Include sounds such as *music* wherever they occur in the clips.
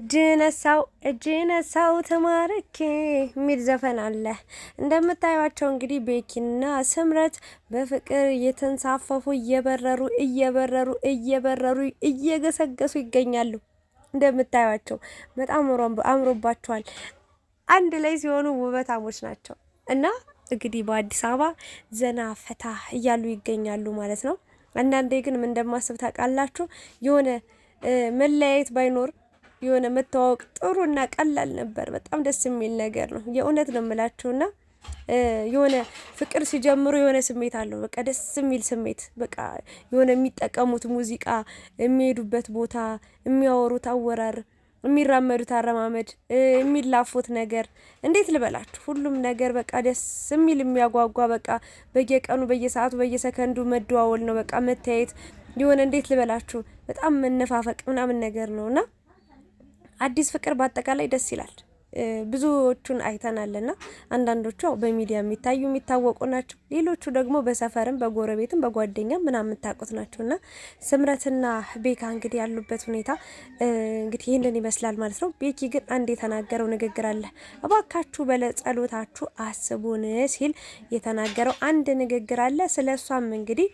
እጅነሳው እጅነሳው ተማርኬ የሚል ዘፈን አለ። እንደምታዩቸው እንግዲህ ቤኪና ስምረት በፍቅር እየተንሳፈፉ እየበረሩ እየበረሩ እየበረሩ እየገሰገሱ ይገኛሉ። እንደምታዩቸው በጣም አምሮባቸዋል። አንድ ላይ ሲሆኑ ውበታሞች ናቸው እና እንግዲህ በአዲስ አበባ ዘና ፈታ እያሉ ይገኛሉ ማለት ነው። አንዳንዴ ግን ምን እንደማስብ ታውቃላችሁ? የሆነ መለያየት ባይኖር የሆነ መተዋወቅ ጥሩና ቀላል ነበር። በጣም ደስ የሚል ነገር ነው። የእውነት ነው የምላችሁና የሆነ ፍቅር ሲጀምሩ የሆነ ስሜት አለው። በቃ ደስ የሚል ስሜት በቃ የሆነ የሚጠቀሙት ሙዚቃ፣ የሚሄዱበት ቦታ፣ የሚያወሩት አወራር፣ የሚራመዱት አረማመድ፣ የሚላፉት ነገር እንዴት ልበላችሁ፣ ሁሉም ነገር በቃ ደስ የሚል የሚያጓጓ በቃ በየቀኑ በየሰዓቱ በየሰከንዱ መደዋወል ነው በቃ መታየት የሆነ እንዴት ልበላችሁ በጣም መነፋፈቅ ምናምን ነገር ነውና አዲስ ፍቅር በአጠቃላይ ደስ ይላል። ብዙዎቹን አይተናልና አንዳንዶቹ በሚዲያ የሚታዩ የሚታወቁ ናቸው። ሌሎቹ ደግሞ በሰፈርም በጎረቤትም በጓደኛም ምናምን የምታውቁት ናቸውና ስምረትና ቤካ እንግዲህ ያሉበት ሁኔታ እንግዲህ ይህንን ይመስላል ማለት ነው። ቤኪ ግን አንድ የተናገረው ንግግር አለ። እባካችሁ በለጸሎታችሁ አስቡን ሲል የተናገረው አንድ ንግግር አለ። ስለ እሷም እንግዲህ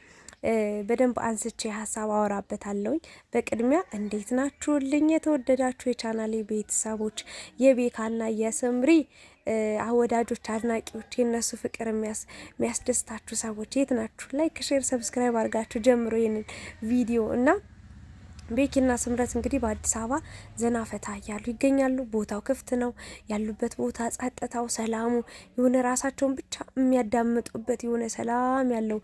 በደንብ አንስቼ ሀሳብ አወራበታለሁኝ። በቅድሚያ እንዴት ናችሁልኝ የተወደዳችሁ የቻናሌ ቤተሰቦች የቤካና የስምሪ አወዳጆች፣ አድናቂዎች፣ የእነሱ ፍቅር የሚያስደስታችሁ ሰዎች የት ናችሁ? ላይክ፣ ሼር፣ ሰብስክራይብ አድርጋችሁ ጀምሮ ይህንን ቪዲዮ እና ቤኪና ስምረት እንግዲህ በአዲስ አበባ ዘና ፈታ እያሉ ይገኛሉ። ቦታው ክፍት ነው። ያሉበት ቦታ ጸጥታው፣ ሰላሙ የሆነ ራሳቸውን ብቻ የሚያዳምጡበት የሆነ ሰላም ያለው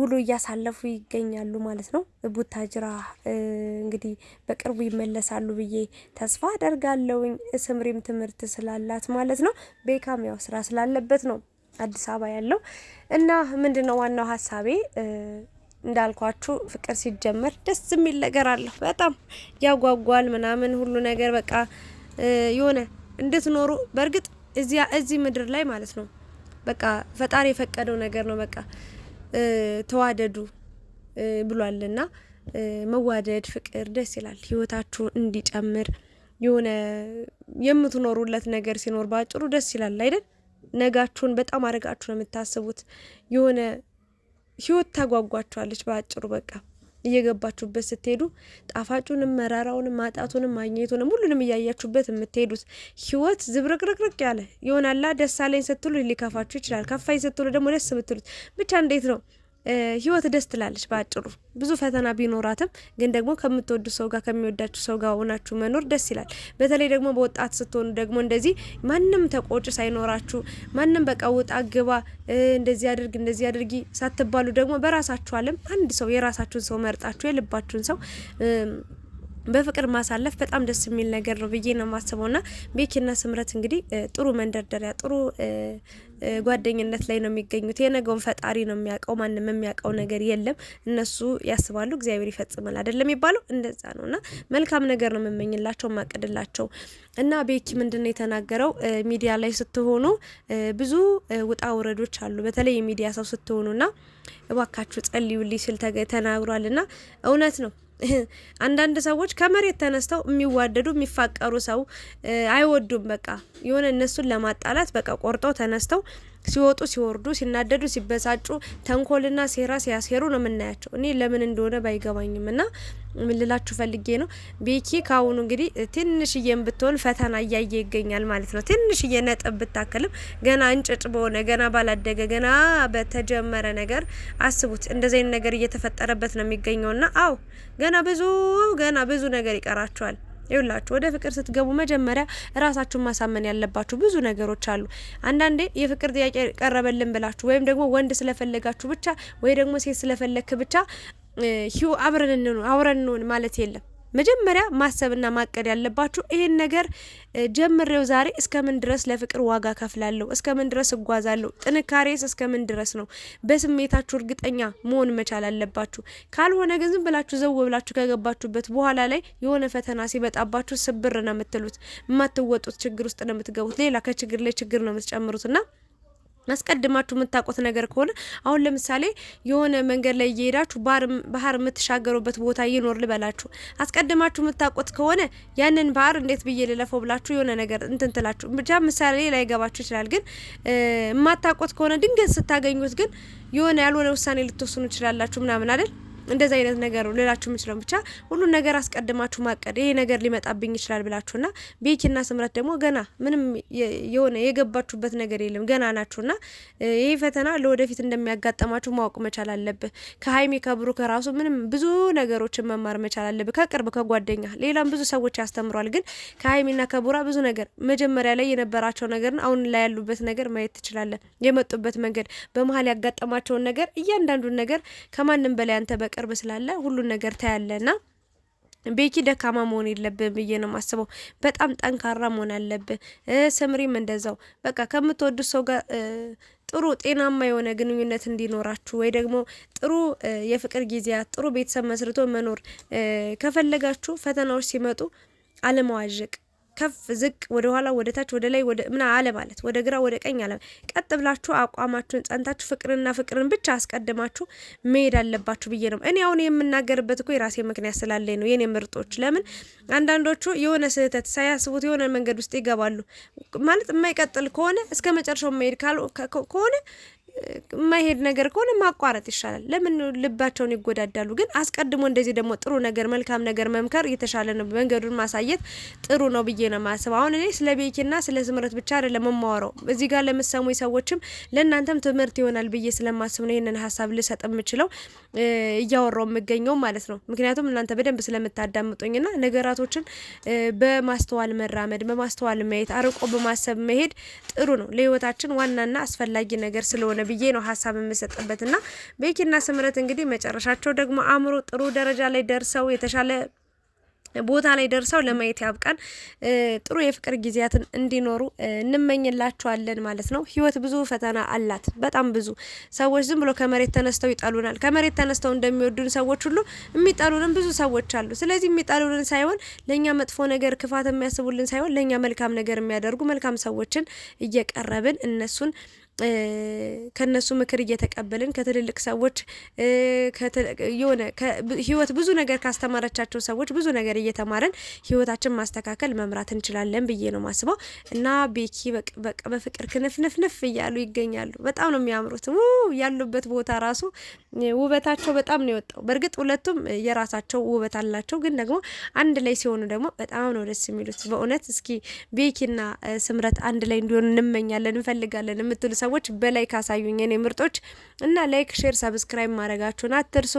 ውሎ እያሳለፉ ይገኛሉ ማለት ነው። ቡታጅራ እንግዲህ በቅርቡ ይመለሳሉ ብዬ ተስፋ አደርጋለውኝ። ስምሪም ትምህርት ስላላት ማለት ነው። ቤካም ያው ስራ ስላለበት ነው አዲስ አበባ ያለው እና ምንድነው ዋናው ሀሳቤ እንዳልኳችሁ ፍቅር ሲጀመር ደስ የሚል ነገር አለሁ። በጣም ያጓጓል ምናምን ሁሉ ነገር በቃ የሆነ እንድትኖሩ በእርግጥ እዚያ እዚህ ምድር ላይ ማለት ነው በቃ ፈጣሪ የፈቀደው ነገር ነው በቃ ተዋደዱ ብሏልና መዋደድ፣ ፍቅር ደስ ይላል። ህይወታችሁ እንዲጨምር የሆነ የምትኖሩለት ነገር ሲኖር በአጭሩ ደስ ይላል አይደል? ነጋችሁን በጣም አድርጋችሁ ነው የምታስቡት። የሆነ ህይወት ታጓጓችኋለች በአጭሩ በቃ እየገባችሁበት ስትሄዱ ጣፋጩንም መራራውንም ማጣቱንም ማግኘቱንም ሁሉንም እያያችሁበት የምትሄዱት ህይወት ዝብርቅርቅርቅ ያለ ይሆናላ። ደስ አለኝ ስትሉ ሊከፋችሁ ይችላል። ከፋኝ ስትሉ ደግሞ ደስ ብትሉት ብቻ እንዴት ነው ህይወት ደስ ትላለች። በአጭሩ ብዙ ፈተና ቢኖራትም ግን ደግሞ ከምትወዱ ሰው ጋር ከሚወዳችሁ ሰው ጋር ሆናችሁ መኖር ደስ ይላል። በተለይ ደግሞ በወጣት ስትሆኑ ደግሞ እንደዚህ ማንም ተቆጭ ሳይኖራችሁ ማንም በቃ ውጣ ግባ፣ እንደዚህ አድርግ፣ እንደዚህ አድርጊ ሳትባሉ ደግሞ በራሳችሁ ዓለም አንድ ሰው የራሳችሁን ሰው መርጣችሁ የልባችሁን ሰው በፍቅር ማሳለፍ በጣም ደስ የሚል ነገር ነው ብዬ ነው የማስበው። ና ቤኪና ስምረት እንግዲህ ጥሩ መንደርደሪያ ጥሩ ጓደኝነት ላይ ነው የሚገኙት። የነገውን ፈጣሪ ነው የሚያውቀው፣ ማንም የሚያውቀው ነገር የለም። እነሱ ያስባሉ፣ እግዚአብሔር ይፈጽማል አይደለም የሚባለው እንደዛ ነው። ና መልካም ነገር ነው የምመኝላቸው ማቅድላቸው። እና ቤኪ ምንድን ነው የተናገረው? ሚዲያ ላይ ስትሆኑ ብዙ ውጣ ውረዶች አሉ፣ በተለይ የሚዲያ ሰው ስትሆኑ ና እባካችሁ ጸልዩልኝ ስል ተናግሯል። ና እውነት ነው *laughs* አንዳንድ ሰዎች ከመሬት ተነስተው የሚዋደዱ የሚፋቀሩ ሰው አይወዱም። በቃ የሆነ እነሱን ለማጣላት በቃ ቆርጠው ተነስተው ሲወጡ ሲወርዱ፣ ሲናደዱ፣ ሲበሳጩ፣ ተንኮልና ሴራ ሲያሴሩ ነው የምናያቸው። እኔ ለምን እንደሆነ ባይገባኝም እና ምልላችሁ ፈልጌ ነው። ቤኪ ካሁኑ እንግዲህ ትንሽዬም ብትሆን ፈተና እያየ ይገኛል ማለት ነው። ትንሽዬ ነጥብ ብታክልም ገና እንጭጭ በሆነ ገና ባላደገ ገና በተጀመረ ነገር አስቡት። እንደዚህ አይነት ነገር እየተፈጠረበት ነው የሚገኘውና አው ገና ብዙ ገና ብዙ ነገር ይቀራቸዋል። ይውላችሁ ወደ ፍቅር ስትገቡ መጀመሪያ ራሳችሁን ማሳመን ያለባችሁ ብዙ ነገሮች አሉ። አንዳንዴ የፍቅር ጥያቄ ቀረበልን ብላችሁ ወይም ደግሞ ወንድ ስለፈለጋችሁ ብቻ ወይ ደግሞ ሴት ስለፈለክ ብቻ ሂው አብረን እንኑ አውረን እንሁን ማለት የለም። መጀመሪያ ማሰብና ማቀድ ያለባችሁ ይሄን ነገር ጀምሬው ዛሬ እስከምን ድረስ ለፍቅር ዋጋ ከፍላለሁ፣ እስከምን ድረስ እጓዛለሁ፣ ጥንካሬስ እስከምን ድረስ ነው። በስሜታችሁ እርግጠኛ መሆን መቻል አለባችሁ። ካልሆነ ግን ዝም ብላችሁ ዘው ብላችሁ ከገባችሁበት በኋላ ላይ የሆነ ፈተና ሲበጣባችሁ ስብር ነው የምትሉት፣ የማትወጡት ችግር ውስጥ ነው የምትገቡት። ሌላ ከችግር ላይ ችግር ነው የምትጨምሩት እና አስቀድማችሁ የምታውቁት ነገር ከሆነ አሁን ለምሳሌ የሆነ መንገድ ላይ እየሄዳችሁ ባህር የምትሻገሩበት ቦታ ይኖር ልበላችሁ፣ አስቀድማችሁ የምታውቁት ከሆነ ያንን ባህር እንዴት ብዬ ልለፈው ብላችሁ የሆነ ነገር እንትን ትላችሁ ብቻ ምሳሌ ላይገባችሁ ይችላል። ግን የማታውቁት ከሆነ ድንገት ስታገኙት ግን የሆነ ያልሆነ ውሳኔ ልትወስኑ ይችላላችሁ ምናምን አይደል እንደዚህ አይነት ነገር ልላችሁ የምችለው። ብቻ ሁሉን ነገር አስቀድማችሁ ማቀድ ይሄ ነገር ሊመጣብኝ ይችላል ብላችሁና ቤኪና ስምረት ደግሞ ገና ምንም የሆነ የገባችሁበት ነገር የለም ገና ናችሁና ይሄ ፈተና ለወደፊት እንደሚያጋጠማችሁ ማወቅ መቻል አለብህ። ከሀይሜ ከብሩ ከራሱ ምንም ብዙ ነገሮችን መማር መቻል አለብህ። ከቅርብ ከጓደኛ ሌላም ብዙ ሰዎች ያስተምሯል። ግን ከሀይሜና ከቡራ ብዙ ነገር መጀመሪያ ላይ የነበራቸው ነገር አሁን ላይ ያሉበት ነገር ማየት ትችላለን። የመጡበት መንገድ በመሀል ያጋጠማቸውን ነገር እያንዳንዱን ነገር ከማንም በላይ አንተ በቅርብ ስላለ ሁሉን ነገር ታያለና ቤኪ ደካማ መሆን የለብን ብዬ ነው የማስበው። በጣም ጠንካራ መሆን አለብን። ስምሪም እንደዛው በቃ ከምትወዱት ሰው ጋር ጥሩ ጤናማ የሆነ ግንኙነት እንዲኖራችሁ ወይ ደግሞ ጥሩ የፍቅር ጊዜያት ጥሩ ቤተሰብ መስርቶ መኖር ከፈለጋችሁ ፈተናዎች ሲመጡ አለመዋዠቅ ከፍ ዝቅ፣ ወደ ኋላ፣ ወደ ታች፣ ወደ ላይ፣ ወደ ምና አለ ማለት ወደ ግራ፣ ወደ ቀኝ አለ። ቀጥ ብላችሁ አቋማችሁን ጸንታችሁ ፍቅርና ፍቅርን ብቻ አስቀድማችሁ መሄድ አለባችሁ ብዬ ነው እኔ አሁን የምናገርበት። እኮ የራሴ ምክንያት ስላለኝ ነው የኔ ምርጦች። ለምን አንዳንዶቹ የሆነ ስህተት ሳያስቡት የሆነ መንገድ ውስጥ ይገባሉ ማለት የማይቀጥል ከሆነ እስከ መጨረሻው መሄድ ከሆነ መሄድ ነገር ከሆነ ማቋረጥ ይሻላል። ለምን ልባቸውን ይጎዳዳሉ? ግን አስቀድሞ እንደዚህ ደግሞ ጥሩ ነገር መልካም ነገር መምከር የተሻለ ነው። መንገዱን ማሳየት ጥሩ ነው ብዬ ነው ማስብ። አሁን እኔ ስለ ቤኪና ስለ ስምረት ብቻ አይደለም የማወራው። እዚህ ጋር ለምሰሙ ሰዎችም ለእናንተም ትምህርት ይሆናል ብዬ ስለማስብ ነው ይህንን ሀሳብ ልሰጥ የምችለው እያወራው የምገኘው ማለት ነው። ምክንያቱም እናንተ በደንብ ስለምታዳምጡኝና ነገራቶችን በማስተዋል መራመድ፣ በማስተዋል ማየት፣ አርቆ በማሰብ መሄድ ጥሩ ነው። ለህይወታችን ዋናና አስፈላጊ ነገር ስለሆነ ብዬ ነው ሀሳብ የምሰጥበት ና ቤኪና ስምረት እንግዲህ መጨረሻቸው ደግሞ አእምሮ ጥሩ ደረጃ ላይ ደርሰው የተሻለ ቦታ ላይ ደርሰው ለማየት ያብቃን። ጥሩ የፍቅር ጊዜያትን እንዲኖሩ እንመኝላቸዋለን ማለት ነው። ህይወት ብዙ ፈተና አላት፣ በጣም ብዙ። ሰዎች ዝም ብሎ ከመሬት ተነስተው ይጠሉናል። ከመሬት ተነስተው እንደሚወዱን ሰዎች ሁሉ የሚጠሉንም ብዙ ሰዎች አሉ። ስለዚህ የሚጠሉንን ሳይሆን ለእኛ መጥፎ ነገር፣ ክፋት የሚያስቡልን ሳይሆን ለእኛ መልካም ነገር የሚያደርጉ መልካም ሰዎችን እየቀረብን እነሱን ከነሱ ምክር እየተቀበልን ከትልልቅ ሰዎች የሆነ ህይወት ብዙ ነገር ካስተማረቻቸው ሰዎች ብዙ ነገር እየተማረን ህይወታችን ማስተካከል መምራት እንችላለን ብዬ ነው ማስበው እና ቤኪ በፍቅር ክንፍንፍንፍ እያሉ ይገኛሉ። በጣም ነው የሚያምሩት። ያሉበት ቦታ ራሱ ውበታቸው በጣም ነው የወጣው። በእርግጥ ሁለቱም የራሳቸው ውበት አላቸው፣ ግን ደግሞ አንድ ላይ ሲሆኑ ደግሞ በጣም ነው ደስ የሚሉት። በእውነት እስኪ ቤኪና ስምረት አንድ ላይ እንዲሆኑ እንመኛለን፣ እንፈልጋለን የምትሉ ሰዎች በላይ ካሳዩኝ የኔ ምርጦች እና ላይክ፣ ሼር፣ ሰብስክራይብ ማድረጋችሁን አትርሱ።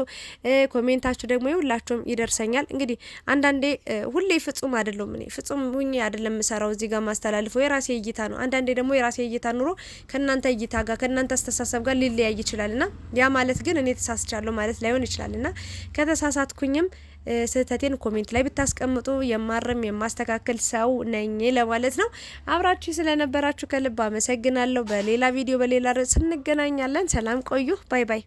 ኮሜንታችሁ ደግሞ የሁላችሁም ይደርሰኛል። እንግዲህ አንዳንዴ ሁሌ ፍጹም አይደለም እኔ ፍጹም ሁኜ አይደለም የምሰራው እዚህ ጋር ማስተላልፈው የራሴ እይታ ነው። አንዳንዴ ደግሞ የራሴ እይታ ኑሮ ከእናንተ እይታ ጋር ከእናንተ አስተሳሰብ ጋር ሊለያይ ይችላል ና ያ ማለት ግን እኔ ተሳስቻለሁ ማለት ላይሆን ይችላል ና ከተሳሳትኩኝም ስህተቴን ኮሜንት ላይ ብታስቀምጡ የማርም የማስተካከል ሰው ነኝ ለማለት ነው። አብራችሁ ስለነበራችሁ ከልብ አመሰግናለሁ። በሌላ ቪዲዮ በሌላ ርዕስ እንገናኛለን። ሰላም ቆዩ። ባይ ባይ።